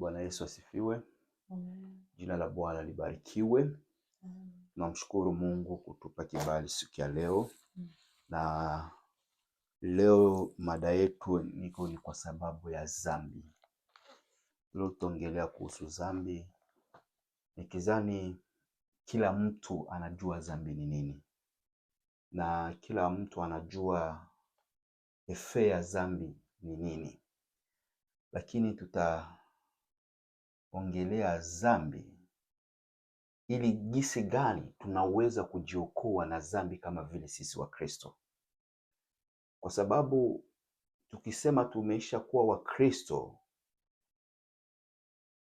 Bwana Yesu asifiwe. Amen. Jina la Bwana libarikiwe. Tunamshukuru Mungu kutupa kibali siku ya leo. Amen. Mm. Na leo mada yetu niko ni kwa sababu ya zambi Leo tutaongelea kuhusu zambi. Nikizani kila mtu anajua zambi ni nini na kila mtu anajua efe ya zambi ni nini, lakini tuta ongelea dhambi, ili jinsi gani tunaweza kujiokoa na dhambi kama vile sisi Wakristo, kwa sababu tukisema tumesha kuwa Wakristo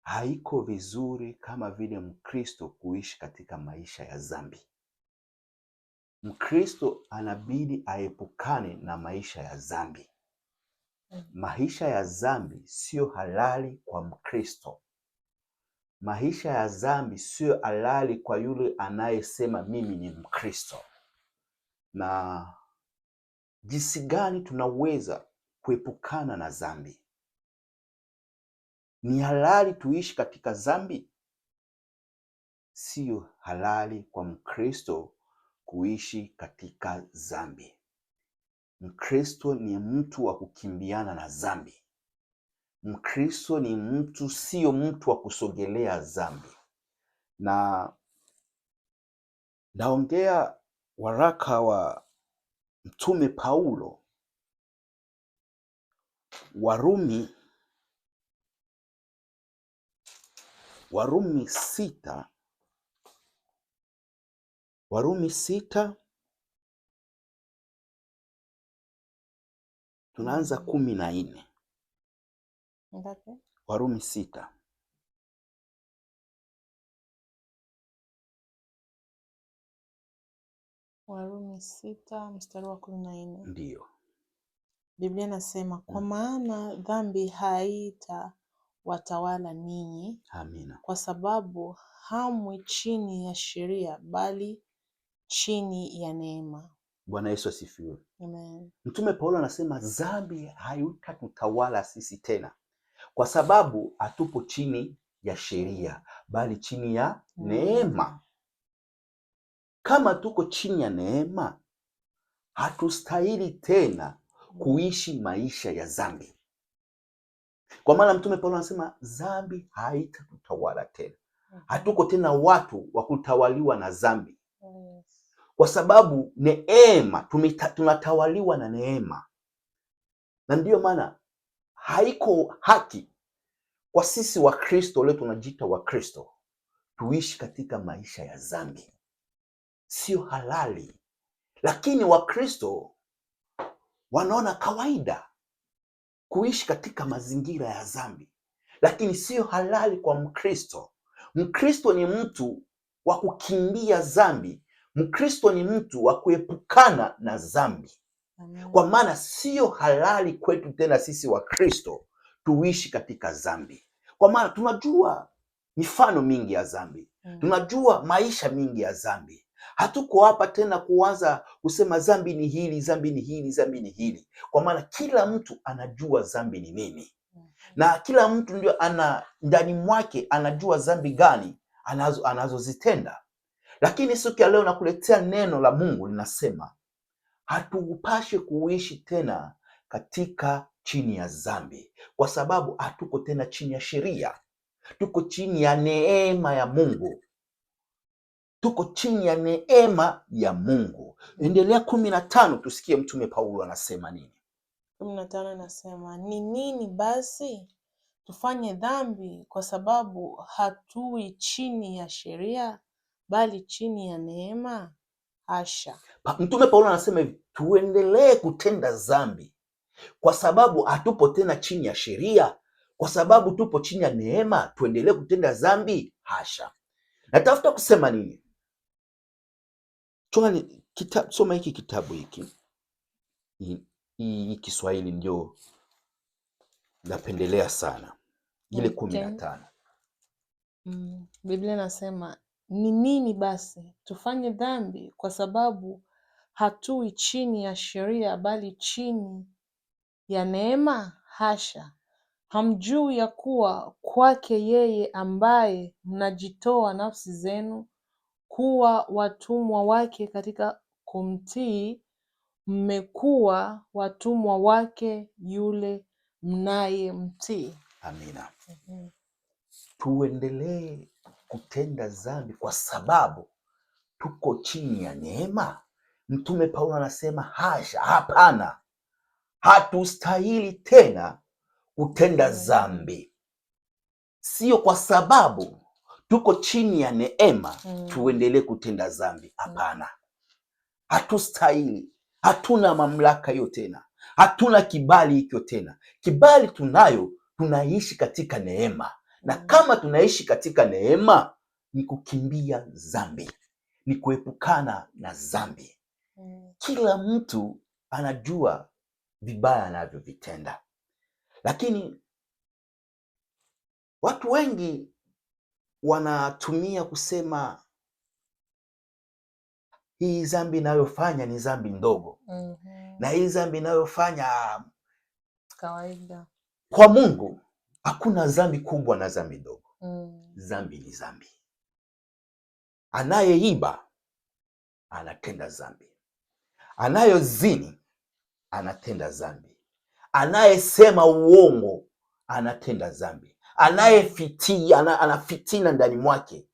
haiko vizuri kama vile Mkristo kuishi katika maisha ya dhambi. Mkristo anabidi aepukane na maisha ya dhambi. Mm. Maisha ya dhambi siyo halali kwa Mkristo. Maisha ya dhambi sio halali kwa yule anayesema mimi ni Mkristo. Na jinsi gani tunaweza kuepukana na dhambi? Ni halali tuishi katika dhambi? Siyo halali kwa Mkristo kuishi katika dhambi. Mkristo ni mtu wa kukimbiana na dhambi. Mkristo ni mtu, sio mtu wa kusogelea dhambi, na naongea waraka wa Mtume Paulo Warumi Warumi sita Warumi sita tunaanza kumi na nne Ngapi? Warumi sita. Warumi sita mstari wa kumi na nne. Ndiyo. Biblia inasema kwa mm. maana dhambi haita watawala ninyi. Amina. Kwa sababu hamwi chini ya sheria bali chini ya neema. Bwana Yesu asifiwe. Amen. Mtume Paulo anasema dhambi haitatutawala sisi tena kwa sababu hatupo chini ya sheria, bali chini ya mm. neema. Kama tuko chini ya neema, hatustahili tena kuishi maisha ya dhambi, kwa maana Mtume Paulo anasema dhambi haitatutawala tena. Mm. Hatuko tena watu wa kutawaliwa na dhambi, kwa sababu neema, tunatawaliwa na neema, na ndiyo maana haiko haki kwa sisi Wakristo leo tunajiita Wakristo tuishi katika maisha ya dhambi, sio halali. Lakini Wakristo wanaona kawaida kuishi katika mazingira ya dhambi, lakini siyo halali kwa Mkristo. Mkristo ni mtu wa kukimbia dhambi. Mkristo ni mtu wa kuepukana na dhambi. Kwa maana sio halali kwetu tena sisi wa Kristo tuishi katika dhambi, kwa maana tunajua mifano mingi ya dhambi mm. tunajua maisha mingi ya dhambi. Hatuko hapa tena kuanza kusema dhambi ni hili, dhambi ni hili, dhambi ni hili, kwa maana kila mtu anajua dhambi ni nini mm. na kila mtu ndio ana ndani mwake anajua dhambi gani anazozitenda anazo, lakini siku ya leo nakuletea neno la Mungu linasema hatupashe kuishi tena katika chini ya dhambi, kwa sababu hatuko tena chini ya sheria, tuko chini ya neema ya Mungu, tuko chini ya neema ya Mungu. Endelea kumi na tano, tusikie mtume Paulo anasema nini. kumi na tano anasema ni nini basi tufanye dhambi kwa sababu hatui chini ya sheria bali chini ya neema? Pa, Mtume Paulo anasema hivi, tuendelee kutenda dhambi kwa sababu hatupo tena chini ya sheria, kwa sababu tupo chini ya neema, tuendelee kutenda dhambi? Hasha. Natafuta kusema nini? Kita, soma hiki kitabu hiki hii Kiswahili ndio napendelea sana, ile kumi na tano. Mm, Biblia nasema ni nini basi? Tufanye dhambi kwa sababu hatui chini ya sheria bali chini ya neema? Hasha! Hamjui ya kuwa kwake yeye ambaye mnajitoa nafsi zenu kuwa watumwa wake katika kumtii, mmekuwa watumwa wake yule mnayemtii. Amina. Mhm. Tuendelee kutenda dhambi kwa sababu tuko chini ya neema? Mtume Paulo anasema hasha, hapana, hatustahili tena kutenda dhambi, sio kwa sababu tuko chini ya neema mm. tuendelee kutenda dhambi. Mm. Hapana, hatustahili, hatuna mamlaka hiyo tena, hatuna kibali hicho tena. Kibali tunayo, tunaishi katika neema. Na kama tunaishi katika neema, ni kukimbia zambi ni kuepukana na zambi mm. Kila mtu anajua vibaya anavyovitenda, lakini watu wengi wanatumia kusema hii zambi inayofanya ni zambi ndogo. mm -hmm. na hii zambi inayofanya kawaida kwa Mungu Hakuna zambi kubwa na zambi ndogo mm. Zambi ni zambi Anayeiba anatenda zambi anayozini anatenda zambi anayesema uongo anatenda zambi anayefitia ana, anafitina ndani mwake,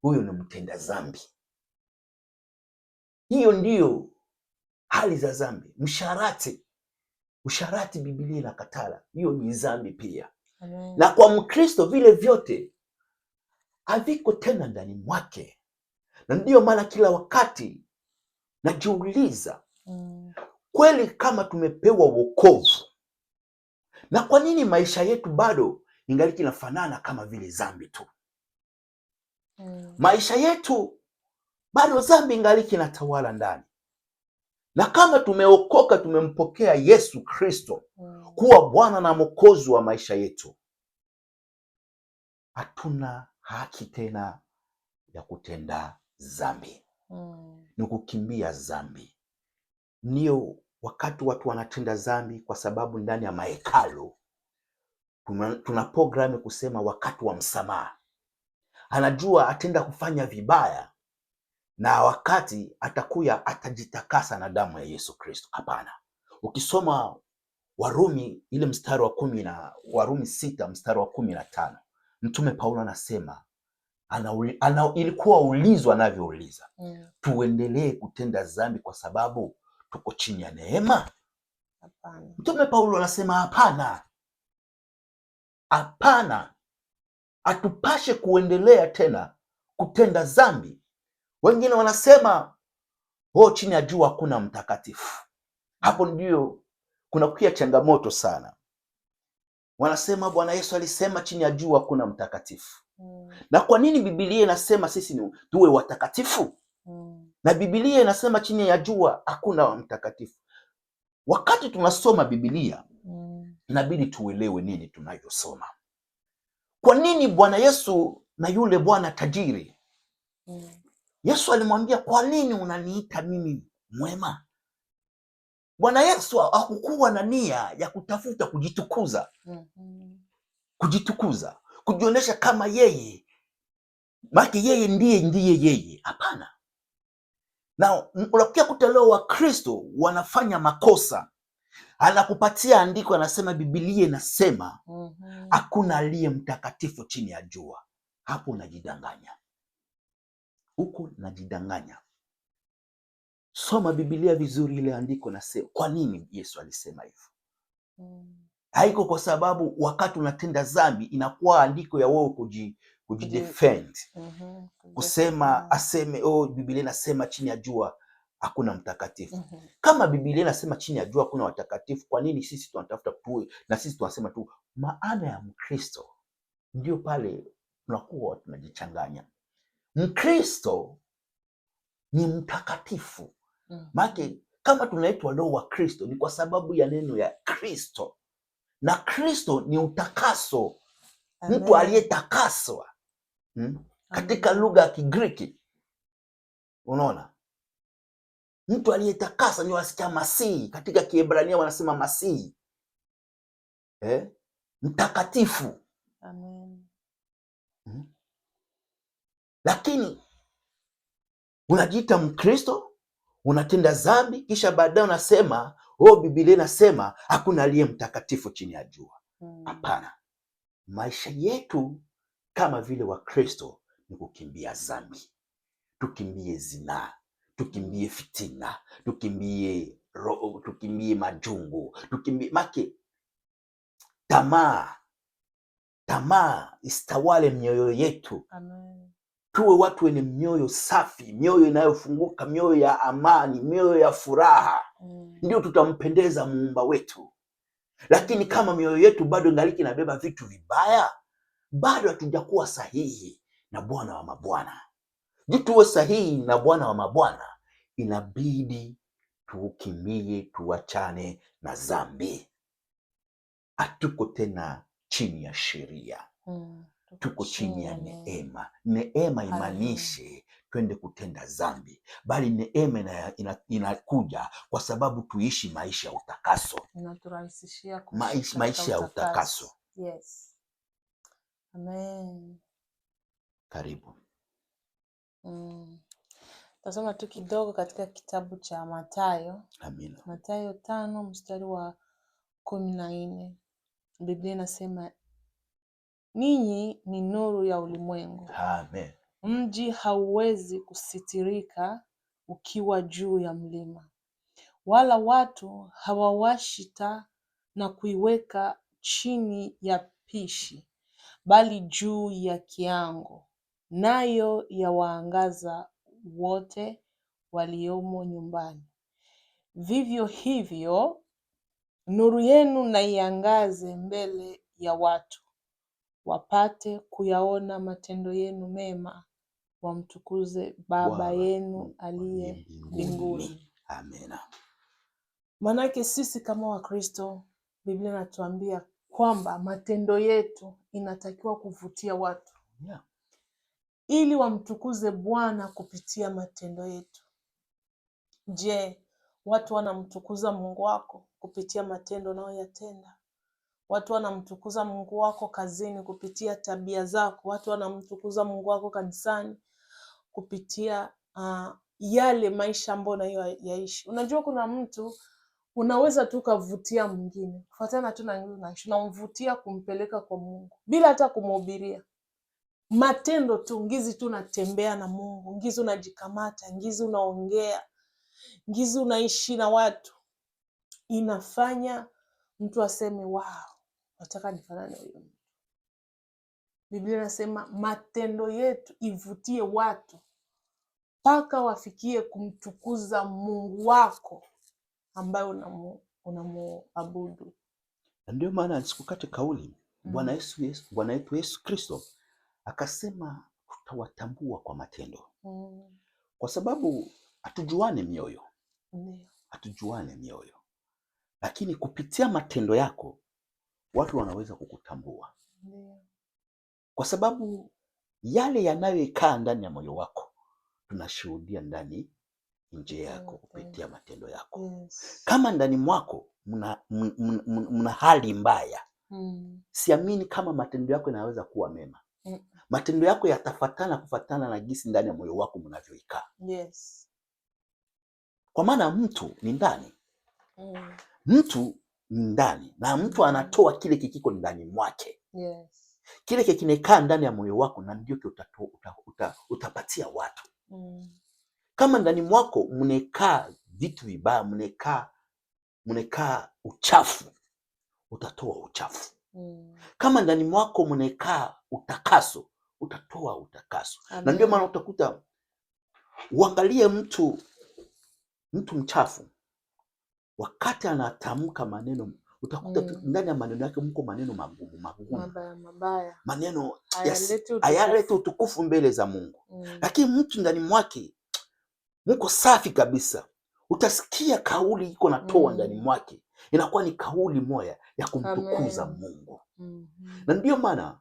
huyo ni mtenda zambi Hiyo ndiyo hali za zambi Msharati, usharati Biblia inakatala, hiyo ni zambi pia. Na kwa Mkristo vile vyote haviko tena ndani mwake, na ndiyo maana kila wakati najiuliza mm. kweli kama tumepewa wokovu, na kwa nini maisha yetu bado ingaliki nafanana kama vile zambi tu mm. maisha yetu bado zambi ingaliki natawala ndani na kama tumeokoka, tumempokea Yesu Kristo mm. kuwa Bwana na Mwokozi wa maisha yetu, hatuna haki tena ya kutenda dhambi. Mm. Ni kukimbia dhambi. Ndio wakati watu wanatenda dhambi, kwa sababu ndani ya mahekalu tuna programu kusema wakati wa msamaha. Anajua atenda kufanya vibaya, na wakati atakuya atajitakasa na damu ya Yesu Kristo. Hapana, ukisoma Warumi ile mstari wa kumi na Warumi sita mstari wa kumi na tano mtume Paulo anasema ana, ana, ilikuwa ulizwa anavyouliza mm. tuendelee kutenda dhambi kwa sababu tuko chini ya neema? Hapana. Mtume Paulo anasema hapana, hapana, hatupashe kuendelea tena kutenda dhambi wengine wanasema oh, chini ya jua hakuna mtakatifu. Hapo ndio kuna kia changamoto sana. Wanasema Bwana Yesu alisema chini ya jua hakuna mtakatifu mm. Na kwa nini Biblia inasema sisi ni tuwe watakatifu mm. Na Biblia inasema chini ya jua hakuna wa mtakatifu. Wakati tunasoma Biblia mm. inabidi tuelewe nini tunayosoma. Kwa nini Bwana Yesu na yule bwana tajiri mm. Yesu alimwambia, kwa nini unaniita mimi mwema? Bwana Yesu hakukuwa na nia ya kutafuta kujitukuza, mm-hmm. kujitukuza, kujionyesha kama yeye make yeye ndiye ndiye yeye, hapana. Na unakuja kuta leo Wakristo wanafanya makosa, anakupatia andiko, anasema Biblia inasema mm-hmm. hakuna mm -hmm. aliye mtakatifu chini ya jua. Hapo unajidanganya huko najidanganya. Soma Biblia vizuri, ile andiko na sema kwa nini Yesu alisema hivyo. Mm. Haiko kwa sababu wakati unatenda dhambi inakuwa andiko ya wewe kuji kujidefend mhm, mm -hmm. kusema aseme oh, Biblia inasema chini ya jua hakuna mtakatifu mm -hmm. Kama Biblia inasema chini ya jua hakuna watakatifu, kwa nini sisi tunatafuta tu na sisi tunasema tu? Maana ya Mkristo ndio pale tunakuwa tunajichanganya. Mkristo ni mtakatifu mm. Maake kama tunaitwa leo wa Kristo ni kwa sababu ya neno ya Kristo, na Kristo ni utakaso, mtu aliyetakaswa hmm? katika lugha ya Kigiriki unaona, mtu aliyetakasa ni wasikia masihi, katika Kiebrania wanasema masihi eh? mtakatifu Amen. Lakini unajiita Mkristo, unatenda dhambi, kisha baadaye unasema oh, Biblia inasema hakuna aliye mtakatifu chini ya jua. Hmm. Hapana. hmm. Maisha yetu kama vile Wakristo ni kukimbia dhambi, tukimbie zinaa, tukimbie fitina, tukimbie roho, tukimbie majungu, tukimbie make tamaa. Tamaa istawale mioyo yetu. Amen tuwe watu wenye mioyo safi, mioyo inayofunguka, mioyo ya amani, mioyo ya furaha mm. Ndio tutampendeza muumba wetu. Lakini kama mioyo yetu bado ngaliki inabeba vitu vibaya, bado hatujakuwa sahihi na Bwana wa mabwana. Jituwe sahihi na Bwana wa mabwana, inabidi tuukimie tuachane na dhambi. Hatuko tena chini ya sheria mm tuko chini ya neema. Neema imaanishe twende kutenda dhambi, bali neema inakuja ina, ina kwa sababu tuishi maisha ya utakaso, inaturahisishia maisha ya utakaso. Yes. Amen. Karibu mm. Tasoma tu kidogo katika kitabu cha Mathayo. Amina. Mathayo tano mstari wa kumi na nne Biblia inasema Ninyi ni nuru ya ulimwengu. Amen. Mji hauwezi kusitirika ukiwa juu ya mlima, wala watu hawawashi taa na kuiweka chini ya pishi, bali juu ya kiango, nayo yawaangaza wote waliomo nyumbani. Vivyo hivyo, nuru yenu na iangaze mbele ya watu wapate kuyaona matendo yenu mema, wamtukuze Baba yenu aliye mbinguni. Amina. Manake sisi kama Wakristo, Biblia inatuambia kwamba matendo yetu inatakiwa kuvutia watu yeah, ili wamtukuze Bwana kupitia matendo yetu. Je, watu wanamtukuza Mungu wako kupitia matendo unayoyatenda? Watu wanamtukuza Mungu wako kazini kupitia tabia zako. Watu wanamtukuza Mungu wako kanisani kupitia uh, yale maisha ambayo nayo yaishi. Unajua, kuna mtu unaweza tu kavutia mwingine kufuatana tu na naishi, unamvutia kumpeleka kwa Mungu bila hata kumhubiria, matendo tu, ngizi tu unatembea na Mungu, ngizi unajikamata, ngizi unaongea, ngizi unaishi na watu, inafanya mtu aseme wow nataka nifanane huyo mtu. Biblia inasema matendo yetu ivutie watu mpaka wafikie kumtukuza Mungu wako ambaye unamuabudu. Ndio maana sikukate kauli mm. Bwana Yesu Yesu Bwana wetu Yesu Kristo akasema tutawatambua kwa matendo mm. Kwa sababu hatujuane mioyo mm. Hatujuane mioyo, lakini kupitia matendo yako watu wanaweza kukutambua, kwa sababu yale yanayoikaa ndani ya moyo wako tunashuhudia ndani nje yako kupitia matendo yako. Kama ndani mwako mna, mna, mna hali mbaya hmm. Siamini kama matendo yako yanaweza kuwa mema mm. Matendo yako yatafatana kufatana na jinsi ndani ya moyo wako mnavyoikaa. Yes. Kwa maana mtu ni ndani mm. Mtu ndani na mtu anatoa kile kikiko ndani mwake. Yes. Kile kikinekaa ndani ya moyo wako na ndio utatoa uta, uta, utapatia watu. Mm. Kama ndani mwako mnekaa vitu vibaya, mnekaa mnekaa uchafu, utatoa uchafu. Mm. Kama ndani mwako mnekaa utakaso, utatoa utakaso. Amen. Na ndio maana utakuta uangalie mtu mtu mchafu wakati anatamka maneno utakuta mm. ndani ya maneno yake mko maneno magumu magumu, mabaya mabaya, maneno hayalete utukufu mbele za Mungu mm. Lakini mtu ndani mwake mko safi kabisa, utasikia kauli iko natoa mm. ndani mwake inakuwa ni kauli moya ya kumtukuza Amen. Mungu mm -hmm. na ndiyo maana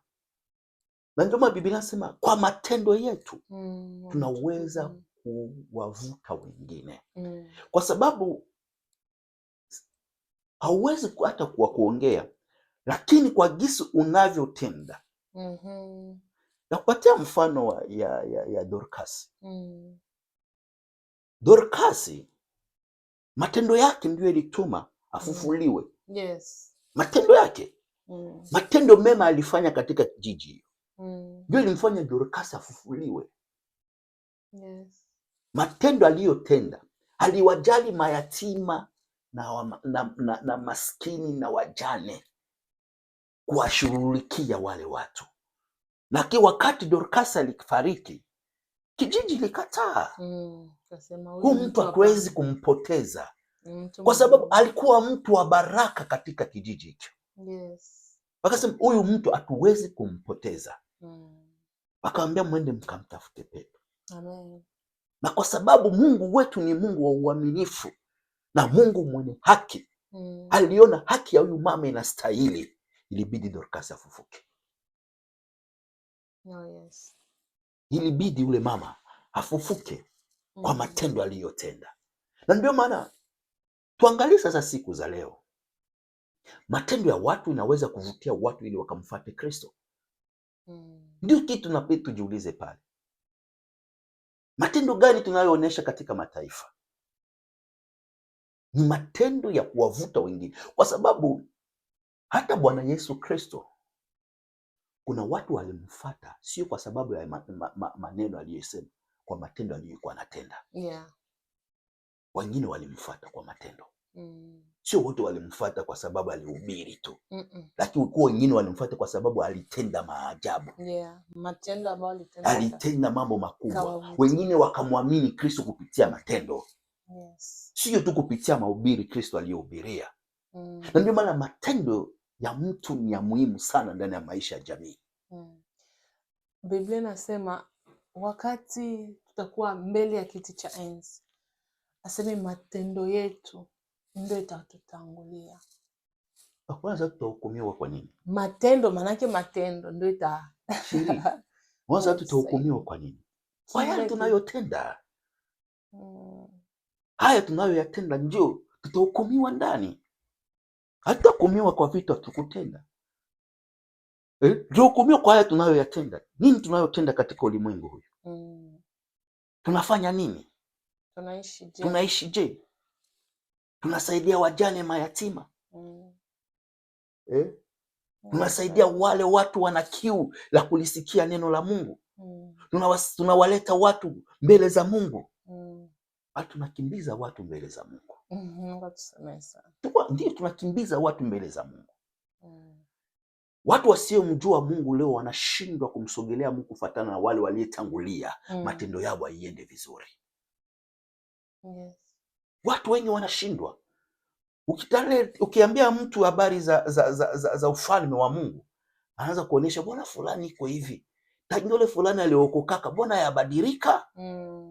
na ndio maana Biblia nasema kwa matendo yetu mm. tunaweza kuwavuta wengine mm. kwa sababu hauwezi hata kuwa kuongea, lakini kwa gisi unavyotenda mm -hmm. mfano wa, ya, ya, ya Dorkasi mm. Dorcas matendo yake ndio ilituma afufuliwe mm. Yes. Matendo yake mm. Matendo mema alifanya katika jiji mm. ndio ilimfanya Dorkasi afufuliwe. Yes. Matendo aliyotenda aliwajali mayatima na, wa, na, na, na maskini na wajane kuwashughulikia wale watu. Na wakati Dorcas alifariki kijiji likataa, mm, huu mtu hakuwezi kumpoteza mtu, kwa sababu alikuwa mtu wa baraka katika kijiji hicho. Yes. Wakasema huyu mtu hatuwezi kumpoteza mm. Wakawambia mwende mkamtafute Petro. Amen. Na kwa sababu Mungu wetu ni Mungu wa uaminifu na Mungu mwenye haki mm. aliona haki ya huyu mama inastahili, ilibidi Dorcas afufuke. Oh, yes. Ilibidi ule mama afufuke mm. kwa matendo aliyotenda, na ndio maana tuangalie sasa siku za leo, matendo ya watu inaweza kuvutia watu ili wakamfuate Kristo mm. ndio kitu na tujiulize pale, matendo gani tunayoonyesha katika mataifa ni matendo ya kuwavuta wengine, kwa sababu hata Bwana Yesu Kristo kuna watu walimfata sio kwa sababu ya ma, ma, ma, maneno aliyosema, kwa matendo aliyokuwa anatenda yeah. Wengine walimfata kwa matendo mm. Sio wote walimfata kwa sababu alihubiri tu mm -mm. Lakini kuwa wengine walimfata kwa sababu alitenda maajabu yeah. Matendo ambayo alitenda, alitenda mambo makubwa. Wengine wakamwamini Kristo kupitia matendo yes. Sio tu kupitia mahubiri Kristo aliyohubiria mm. na ndio maana matendo ya mtu ni ya muhimu sana ndani ya maisha ya jamii mm. Biblia inasema wakati tutakuwa mbele ya kiti cha enzi, aseme matendo yetu ndio itatutangulia. Kwanza tutahukumiwa kwa nini? Matendo maanake matendo ndio ita kwanza tutahukumiwa kwa nini? Kwa yale tunayotenda mm haya tunayoyatenda, njoo tutahukumiwa ndani, hatutahukumiwa kwa vitu hatukutenda. Eh, tutahukumiwa kwa haya tunayoyatenda. Nini tunayotenda katika ulimwengu huyu? mm. tunafanya nini? tunaishi je? tunaishi je? tunasaidia wajane, mayatima? mm. eh? tunasaidia mm. wale watu wana kiu la kulisikia neno la Mungu? mm. tunawaleta watu mbele za Mungu bali ah, tunakimbiza watu mbele za Mungu. Mhm, ndio tunakimbiza watu mbele za Mungu. Mm. Watu wasiomjua Mungu leo wanashindwa kumsogelea Mungu kufuatana na wale waliyetangulia, mm. matendo yao waiende vizuri. Yes. Watu wengi wanashindwa. Ukiambia mtu habari za, za, za, za, za ufalme wa Mungu anaanza kuonyesha bwana fulani iko hivi, tajole fulani aliokokaka bwana yabadilika, mm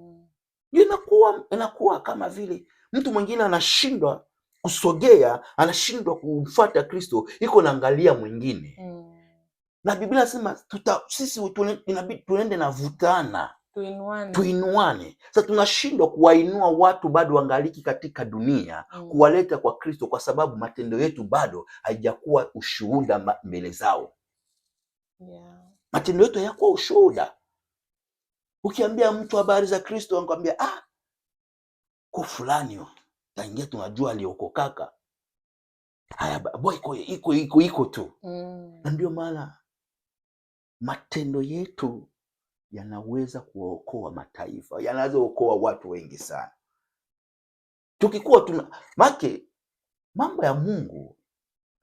inakuwa, inakuwa kama vile mtu mwingine anashindwa kusogea, anashindwa kumfuata Kristo, iko naangalia mwingine mm. na Biblia nasema tuta, sisi inabidi tuende na vutana tuinuane, tuinuane. Sasa tunashindwa kuwainua watu bado wangaliki katika dunia mm. kuwaleta kwa Kristo kwa sababu matendo yetu bado haijakuwa ushuhuda mbele zao yeah. matendo yetu hayakuwa ushuhuda. Ukiambia mtu habari za Kristo anakwambia ah, ko fulani tangia tunajua aliokokaka haya boy iko iko iko iko tu mm. Na ndio maana matendo yetu yanaweza kuwaokoa mataifa, yanaweza kuokoa watu wengi sana, tukikuwa tuna make mambo ya Mungu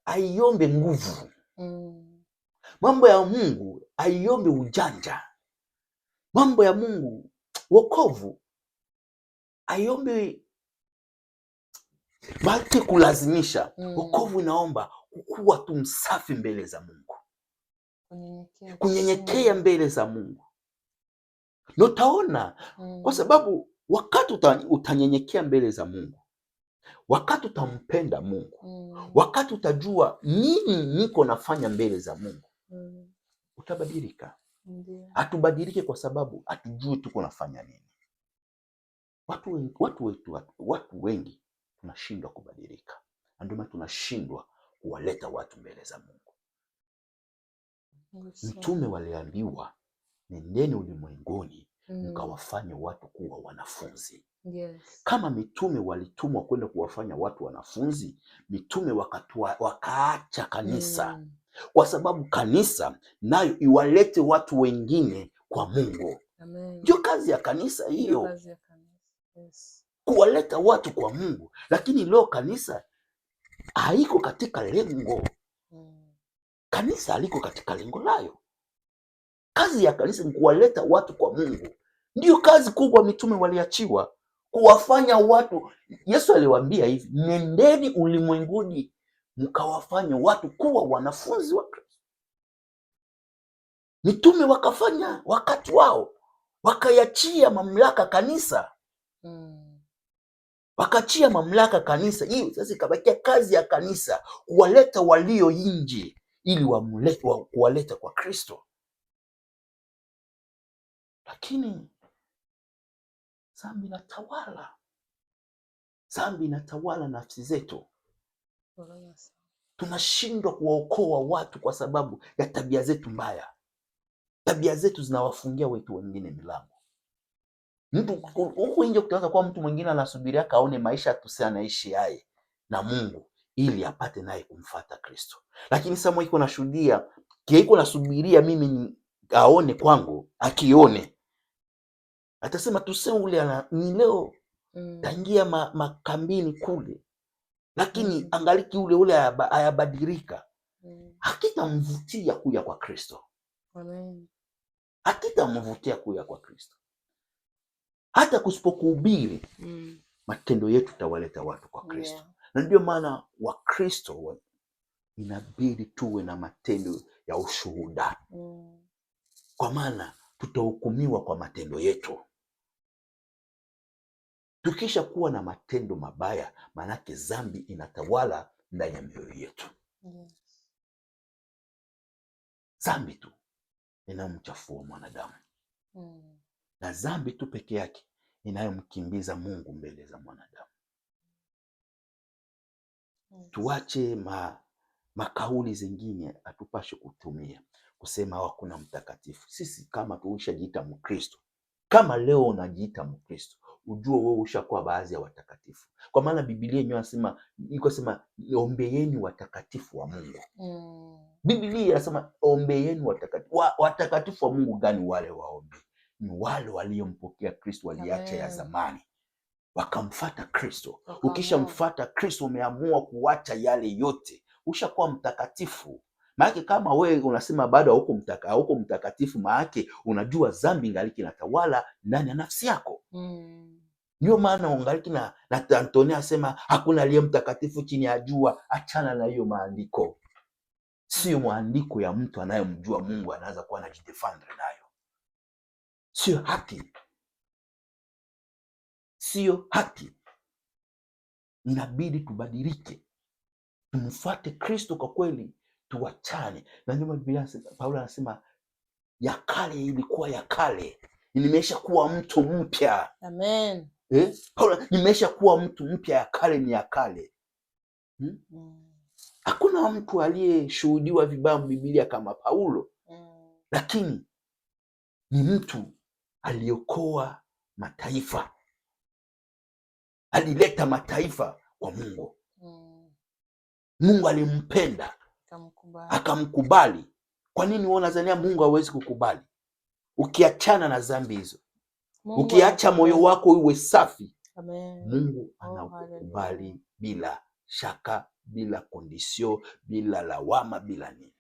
aiombe nguvu mm. Mambo ya Mungu aiombe ujanja. Mambo ya Mungu wokovu aiombe bake kulazimisha mm. wokovu mm. Inaomba kukuwa tu msafi mbele za Mungu, kunyenyekea mbele za Mungu na utaona mm. kwa sababu wakati utanyenyekea mbele za Mungu, wakati utampenda Mungu mm. wakati utajua nini niko nafanya mbele za Mungu mm. utabadilika. Hatubadilike kwa sababu hatujui tuko nafanya nini. Watu wengi, watu wetu, watu, watu wengi tunashindwa kubadilika, na ndio maana tunashindwa kuwaleta watu mbele za Mungu. Mtume waliambiwa nendeni ulimwenguni mm. mkawafanye mm. watu kuwa wanafunzi yes. Kama mitume walitumwa kwenda kuwafanya watu wanafunzi, mitume wakatua, wakaacha kanisa mm. kwa sababu kanisa nayo iwalete watu wengine kwa Mungu. Ndio kazi ya kanisa hiyo kuwaleta watu kwa Mungu, lakini leo kanisa haiko katika lengo mm. Kanisa haliko katika lengo layo. Kazi ya kanisa ni kuwaleta watu kwa Mungu, ndiyo kazi kubwa mitume waliachiwa kuwafanya watu. Yesu aliwaambia hivi, nendeni ulimwenguni mkawafanye watu kuwa wanafunzi wa Kristo. Mitume wakafanya wakati wao, wakayachia mamlaka kanisa Mm. wakachia mamlaka kanisa hiyo. Sasa ikabakia kazi ya kanisa kuwaleta walio nje ili kuwaleta kwa Kristo. Lakini zambi inatawala, zambi inatawala nafsi zetu, tunashindwa kuwaokoa watu kwa sababu ya tabia zetu mbaya. Tabia zetu zinawafungia wetu wengine milango. Mtu huku nje ukianza kuwa mtu mwingine anasubiria kaone maisha anaishi yaye na Mungu ili apate naye kumfata Kristo. Lakini Samuel iko nashuhudia, iko nasubiria mimi aone kwangu, akione atasema tuse ule ana ni leo mm. tangia ma, makambini kule, lakini mm. angaliki ule ule ayabadilika mm. hakitamvutia kuya kwa Kristo, hakitamvutia kuya kwa Kristo hata kusipokuhubiri mm. matendo yetu tawaleta watu kwa Kristo yeah. na ndio maana Wakristo inabidi tuwe na matendo ya ushuhuda mm. kwa maana tutahukumiwa kwa matendo yetu. Tukisha kuwa na matendo mabaya, maanake dhambi inatawala ndani ya mioyo yetu yes. Dhambi tu inamchafua mwanadamu mm na dhambi tu peke yake inayomkimbiza Mungu mbele za mwanadamu. Yes. Tuache ma, makauli zingine hatupashe kutumia kusema hakuna mtakatifu. Sisi kama tuishajiita Mkristo, kama leo unajiita Mkristo, ujue wewe ushakuwa baadhi ya watakatifu, kwa maana Biblia yenyewe inasema iko sema ombeeni watakatifu wa Mungu. Mm. Biblia inasema ombeeni watakatifu. Wa, watakatifu wa Mungu gani wale waombe? ni wale waliompokea Kristo, waliacha ya zamani wakamfata Kristo. Ukishamfata Kristo umeamua kuacha yale yote, ushakuwa mtakatifu. maake kama we unasema bado hauko mtaka, hauko mtakatifu, maake unajua zambi ngaliki natawala ndani ya nafsi yako mm. Ndio maana ungaliki na, na Antonia asema hakuna aliye mtakatifu chini ya jua. Achana na hiyo maandiko, siyo maandiko ya mtu anayemjua Mungu anaweza kuwa anajidefend nayo. Sio haki, siyo haki. Inabidi tubadilike, tumfuate Kristo kwa kweli, tuwachane na nyuma. Biblia, Paulo anasema ya kale ilikuwa ya kale, nimesha kuwa mtu mpya. Amen. Eh? Paulo, nimesha kuwa mtu mpya, ya kale ni ya kale. hmm? Mm. Hakuna mtu aliyeshuhudiwa vibaya Biblia kama Paulo mm. lakini ni mtu aliokoa mataifa, alileta mataifa kwa Mungu mm. Mungu alimpenda akamkubali. Kwa nini unazania Mungu hawezi kukubali? Ukiachana na dhambi hizo, ukiacha moyo wako uwe safi Amen. Mungu oh, anakukubali bila shaka, bila kondisio, bila lawama, bila nini.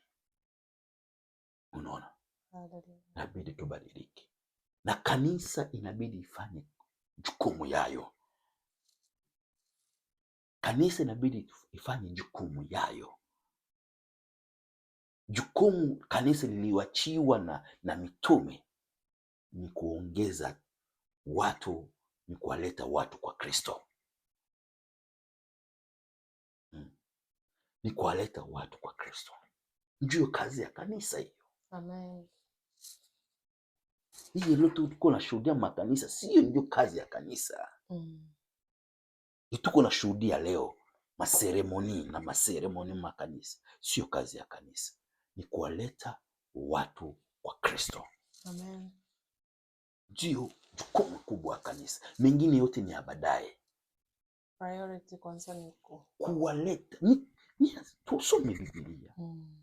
Unaona, nabidi tubadilike na kanisa inabidi ifanye jukumu yayo. Kanisa inabidi ifanye jukumu yayo, jukumu kanisa liliwachiwa na, na mitume ni kuongeza watu, ni kuwaleta watu kwa Kristo hmm. Ni kuwaleta watu kwa Kristo, ndiyo kazi ya kanisa hiyo. Amen hiyo ndio tuko shuhudia makanisa, sio ndio kazi ya kanisa mm. Tuko shuhudia leo maseremoni na maseremoni makanisa, sio kazi ya kanisa, ni kuwaleta watu kwa Kristo. Amen. Ndio jukumu kubwa ya kanisa, mengine yote ni ya baadaye. Priority kwanza ni kuwaleta tusome Biblia mm.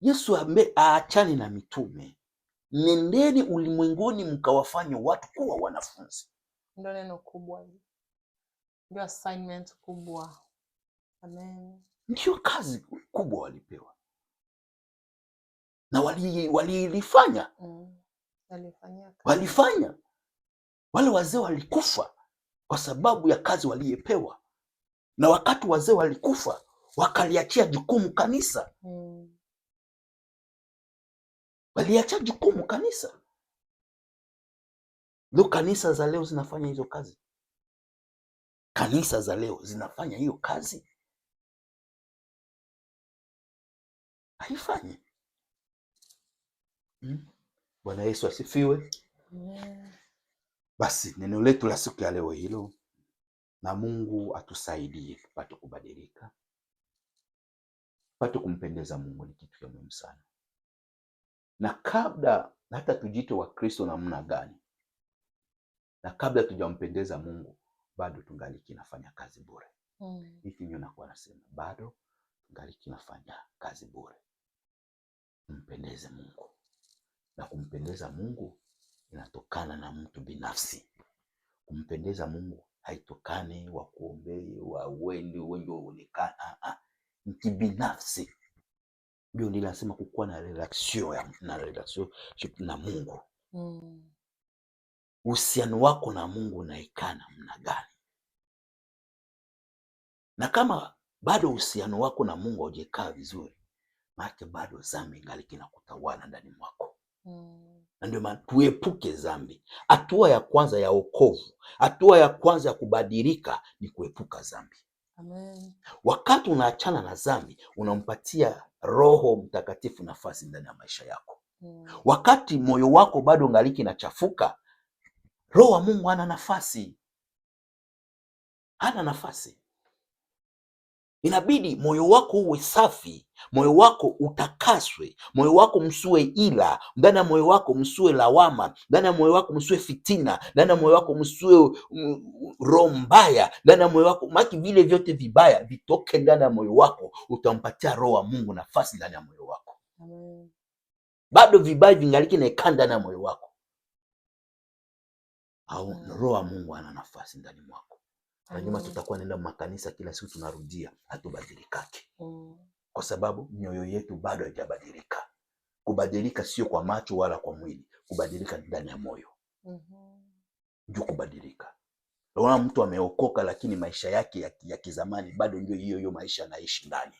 Yesu aachane na mitume nendeni ulimwenguni mkawafanye watu kuwa wanafunzi. Ndio neno kubwa, ndio assignment kubwa. Amen, ndio kazi kubwa walipewa na walilifanya, wali mm, walifanya. Wale wazee walikufa kwa sababu ya kazi waliyepewa, na wakati wazee walikufa wakaliachia jukumu kanisa mm waliacha jukumu kanisa. Ndio kanisa za leo zinafanya hizo kazi, kanisa za leo zinafanya hiyo kazi, haifanyi hmm? Bwana Yesu asifiwe. Yeah. Basi neno letu la siku ya leo hilo, na Mungu atusaidie tupate kubadilika, tupate kumpendeza Mungu. Ni kitu cha muhimu sana na kabla hata tujite Wakristo namna gani, na kabla tujampendeza Mungu, bado tungali kinafanya kazi bure. Hmm. Hiki ndio nakuwa nasema, bado tungali kinafanya kazi bure. Mpendeze Mungu, na kumpendeza Mungu inatokana na mtu binafsi. Kumpendeza Mungu haitokani wakuombee, wawendi wengi waonekana, ah, ah. ni kibinafsi Biblia lazima kukuwa na relasio na relationship na Mungu. Mm. Uhusiano mm. wako na Mungu unaikaa namna gani? Na kama bado uhusiano wako na Mungu haujakaa vizuri, maana bado dhambi ngali kinakutawala ndani mwako mm. na ndio maana tuepuke dhambi. Hatua ya kwanza ya wokovu, hatua ya kwanza ya kubadilika ni kuepuka dhambi. Amen. Wakati unaachana na dhambi unampatia Roho Mtakatifu nafasi ndani ya maisha yako mm. Wakati moyo wako bado ngaliki na chafuka Roho wa Mungu hana nafasi, hana nafasi. Inabidi moyo wako uwe safi, moyo wako utakaswe, moyo wako msue ila, ndani ya moyo wako msue lawama, ndani ya moyo wako msue fitina, ndani ya moyo wako msue mm, roho mbaya, ndani ya moyo wako maki, vile vyote vibaya vitoke ndani ya moyo wako, utampatia roho wa Mungu nafasi ndani ya moyo wako. Amen. Bado vibaya vingaliki naekaa ndani ya moyo wako au, roho wa Mungu ana nafasi ndani mwako nyuma tutakuwa nenda makanisa kila siku tunarudia, hatubadilikake mm. kwa sababu mioyo yetu bado haijabadilika. Kubadilika sio kwa macho wala kwa mwili, kubadilika ndani ya moyo mm-hmm. ndio kubadilika. Unaona, mtu ameokoka lakini maisha yake ya, ya kizamani bado ndio hiyo hiyo maisha anaishi ndani.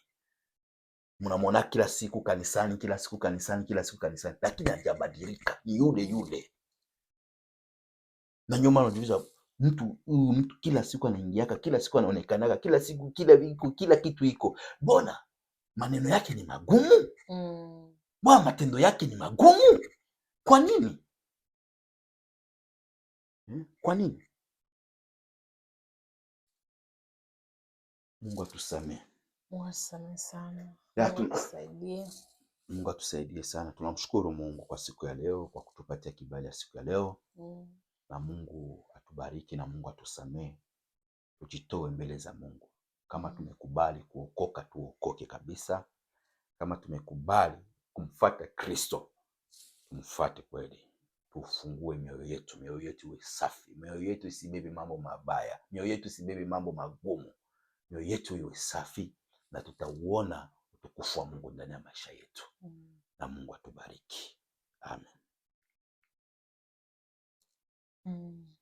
Mnamwona kila siku kanisani, kila siku kanisani, kila siku kanisani, lakini hajabadilika, ni yule yule, na nyuma anajiuliza mtu huyu mtu kila siku anaingiaka, kila siku anaonekanaka, kila siku kila iko kila kitu iko bona, maneno yake ni magumu mm. Bwana, matendo yake ni magumu. Kwa nini? Hmm? Kwa nini? Mungu atusamee, Mungu atusaidie sana. Tunamshukuru Mungu kwa siku ya leo, kwa kutupatia kibali ya siku ya leo mm. na Mungu tubariki na Mungu atusamee, tujitoe mbele za Mungu. Kama tumekubali kuokoka, tuokoke kabisa. Kama tumekubali kumfata Kristo, tumfate kweli. Tufungue mioyo yetu, mioyo yetu iwe safi, mioyo yetu isibebe mambo mabaya, mioyo yetu isibebe mambo magumu, mioyo yetu iwe safi, na tutauona utukufu wa Mungu ndani ya maisha yetu. Na Mungu atubariki. Amen. Mm.